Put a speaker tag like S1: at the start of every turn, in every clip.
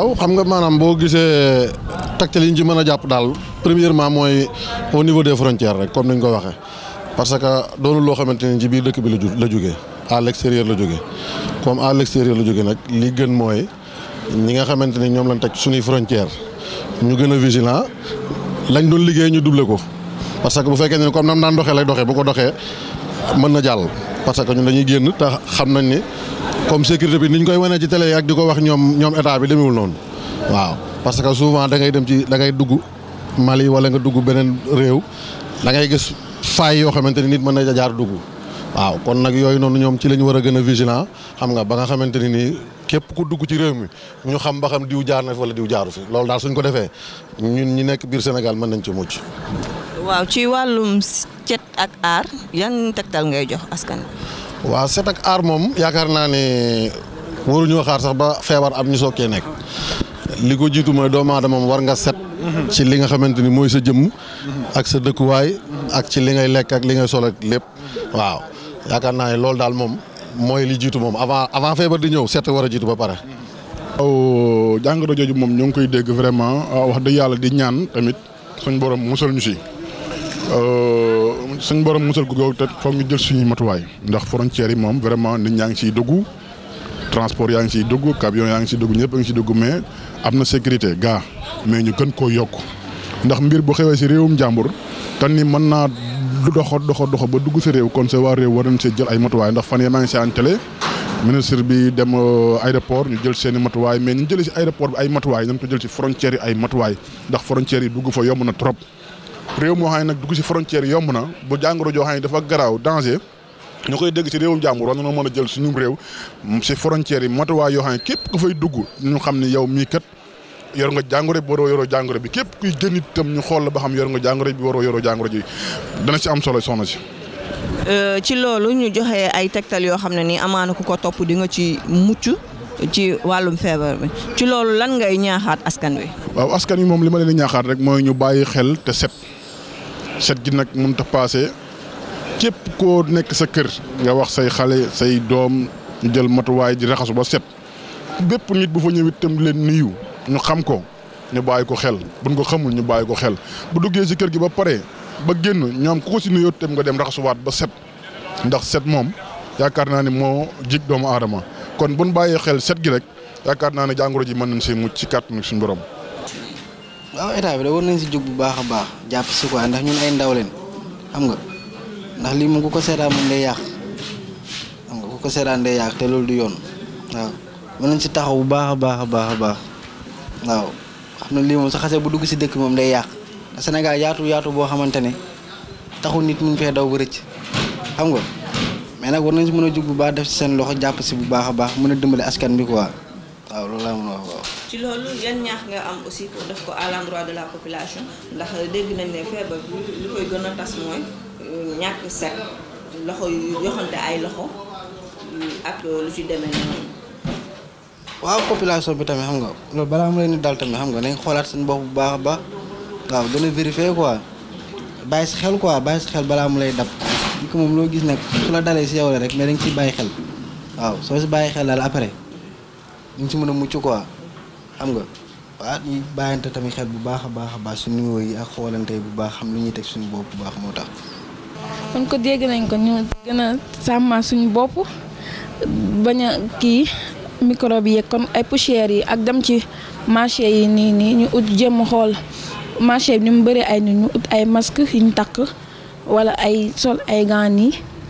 S1: waaw xam nga maanaam boo gisee tactile yi ñu ci mën a jàpp daal premièrement mooy au niveau des frontières rek comme ni ñu ko waxee parce que doonul loo xamante ne ci biir dëkk bi la la jógee à l'extérieur la jógee comme à l'extérieur la jógee nag lii gën mooy ñi nga xamante ni ñoom lañ teg suñuy frontière ñu gën a vigilant lañ doon liggéey ñu duble ko parce que bu fekkee ne comme nam daan doxee lay doxee bu ko doxee mën na jàll parce que ñu dañuy génn te xam nañ ni comme sécurité bi niñ koy wanee ci télé yi ak di ko wax ñoom ñoom état bi demewul noonu waaw parce que souvent da ngay dem ci da ngay dugg Mali wala nga dugg beneen réew da ngay gis faay yoo xamante ni nit mën na jaar dugg waaw kon nag yooyu noonu ñoom ci la ñu war a gën a vigilant xam nga ba nga xamante ni nii képp ku dugg ci réew mi ñu xam ba xam diw jaar na fi wala diw jaaru fi loolu daal suñ ko defee ñun ñi nekk biir Sénégal mën nañ ci mucc.
S2: waaw ci wàll cet ak aar yan tegtal ngay jox askan
S1: waaw set ak aar moom yaakaar naa ne waruñoo xaar sax ba feebar am ñu soo kee nekk li ko jiitu mooy doomu aadama moom war nga set. ci li nga xamante ni mooy sa jëmm. ak sa dëkkuwaay. ak ci li ngay lekk ak li ngay sol lépp. waaw yaakaar naa ne loolu
S3: daal moom mooy li jiitu moom avant avant feebar di ñëw set war a jiitu ba pare. waaw jàngoro jooju moom ñoo ngi koy dégg vraiment wax dëgg yàlla di ñaan tamit suñ borom musal ñu si. Euh, suñ borom musal ko gaw te foog ñu jël suñu matuwaay ndax frontière yi mom vraiment nit ñang ci ciy transport yang ci ciy camion yang ci ciy ñepp ñëpp a ngi ciy dugg mais amna sécurité ga mais ñu gën ko yok ndax mbir bu xewé ci réewum jambour tan ni mën du doxo doxo doxo ba dugg ci réew kon sa waa réew war nañ see jël ay matuwaay ndax fan yee maa ci en télé ministre bi dem euh, aéroport ñu jël seen i matuwaay mais ñu jël ci aéroport bi ay matuwaay ñu ko jël ci frontière yi ay matuwaay ndax frontière yi dugg fa yomb na trop réew moo xam ne nag dugg si frontière yomb na bu jàngoro joo xam ne dafa garaaw danger ñu koy dégg ci réewum jàmbur war mën a jël suñu réew si frontière yi matuwaay yoo xam ne képp ku fay dugg ñu xam ne yow mii kat yor nga jàngoro bi waroo yoroo bi képp kuy génn itam ñu xool la ba xam yor nga jàngoro bi waroo yoroo jàngoro ji dana si am solo soxna si.
S2: Euh, ci loolu ñu joxe ay tegtal yoo xam ne nii amaana ku ko topp di nga ci mucc ci wàllum feebar ci loolu lan ngay ñaaxaat askan wi.
S3: waaw askan wi moom li ma leen di rek mooy ñu bàyyi xel te set. set gi nag mënut a paase képp koo nekk sa kër nga wax say xale say doom jël matuwaay di raxasu ba set bépp nit bu fa ñëw itam leen nuyu ñu xam ko ñu bàyyi ko xel buñ ko xamul ñu bàyyi ko xel bu duggee si kër gi ba pare ba génn ñoom ku ko ci nuyoo itam nga dem raxasuwaat ba set ndax set moom yaakaar naa ne moo jig doomu aadama kon buñ bàyyee xel set gi rek yaakaar naa ne jàngoro ji mën nañ see mucc ci kàttanu suñu borom.
S4: waaw ah, état eh, bi da won nañ ci jóg bu baax baax japp ci quoi ndax ñun ay ndaw leen xam nga ndax li mu ko ko seetaan mu day yaax xam nga ko ko seetaan day yaax té loolu du yoon waaw mën nañ ci taxaw bu baax a baax baax waaw xam na li mu sa xasee bu dugg si dëkk moom day yàq Sénégal yaatu yaatu bo xamantene taxu taxul nit mun fee daw bu recc xam nga mais nak war nañ ci mëna a bu baax def ci seen loxo japp ci bu baax baax mëna dëmbalé askan bi quoi waaw loolu laa mën a wax waaw.
S2: ci loolu yan ñaax nga am aussi pour def ko à l'endroit de la population ndax dégg nañ ne feebar li koy gën a tas mooy euh, ñàkk set loxo yu yoxante ay loxo euh, ak lu ci demee noonu.
S4: waaw population bi tamit xam nga loolu balaa mu leen di dal tamit xam nga nañ xoolaat seen bopp bu baax a baax waaw gën a bàyyi si xel quoi bàyyi si xel balaa mu lay dab li ko moom loo gis nag su la dalee si yow la rek mais dañ ciy bàyyi xel waaw soo si bàyyi xel daal après. ñu ci mëna muccu quoi xam nga wa ñu bayante tamit xel bu baaxa baaxa baax nuyo yi ak xolante bu baax xam lu ñuy tek suñu bop bu baax tax kon ko dégg nañ ko ñu gëna sama suñu bop baña ki microbe yi kon ay poussière yi ak dem ci marché yi ni ni ñu ut jëm xol marché bi ñu bëri ay nit ñu ut ay masque yi ñu tak wala ay sol ay gants ni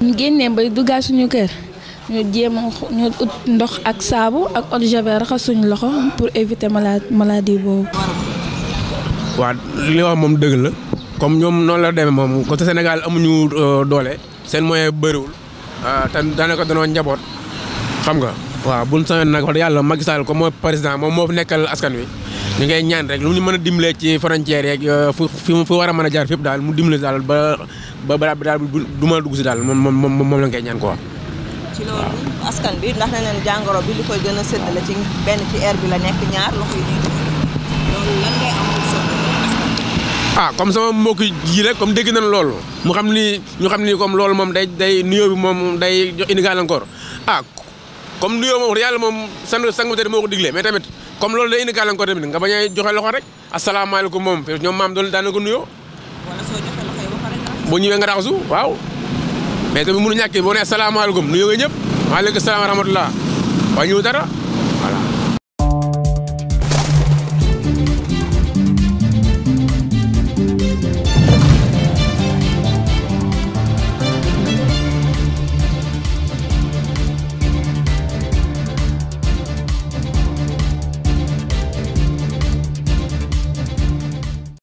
S4: ñu génné ba duggal suñu kër ñu jéem ñu ut ndox ak saabu ak eau de javel raxas suñu loxo pour éviter maladie boobu.
S5: waaw li wax moom dëgg la comme ñoom noonu la demee moom côté Sénégal amuñu euh, doole seen moyen bëriwul euh, te daanaka danoo njaboot xam nga waaw buñ sañoon nag wax yàlla Macky Sall comme mooy président moom moo fi nekkal askan wi ñu ngay ñaan rek lu ñu mën a dimbalee ci frontière yeeg euh, fu fi mu fi war a mën a jaar fépp daal mu dimbale daal ba ba barab bi daal du ma a dugg si daal moom moom moom la ngay ñaan quoi. ci loolu
S2: bi ndax nee nañ jàngoro bi li koy gën a séddale ci benn ci air bi la nekk ñaar loxo yi loolu
S5: ah comme sama mbokk jii rek comme dégg nañ loolu mu xam ni ñu xam ni comme loolu moom day day nuyoo bi moom day jox indi gàllankoor ah comme nuyoo moom yàlla moom san sang moo ko digle mais tamit comme loolu day indi gàllankoor tamit nga bañ a joxe loxo rek asalaamaaleykum moom ñoom maam doon daana ko nuyoo. wala soo nga raxasu. waaw. mais tamit mënu ñàkkee boo nee salaamaaleykum nuyoo nga ñëpp maaleykum salaam wa rahmatulah wa ñu dara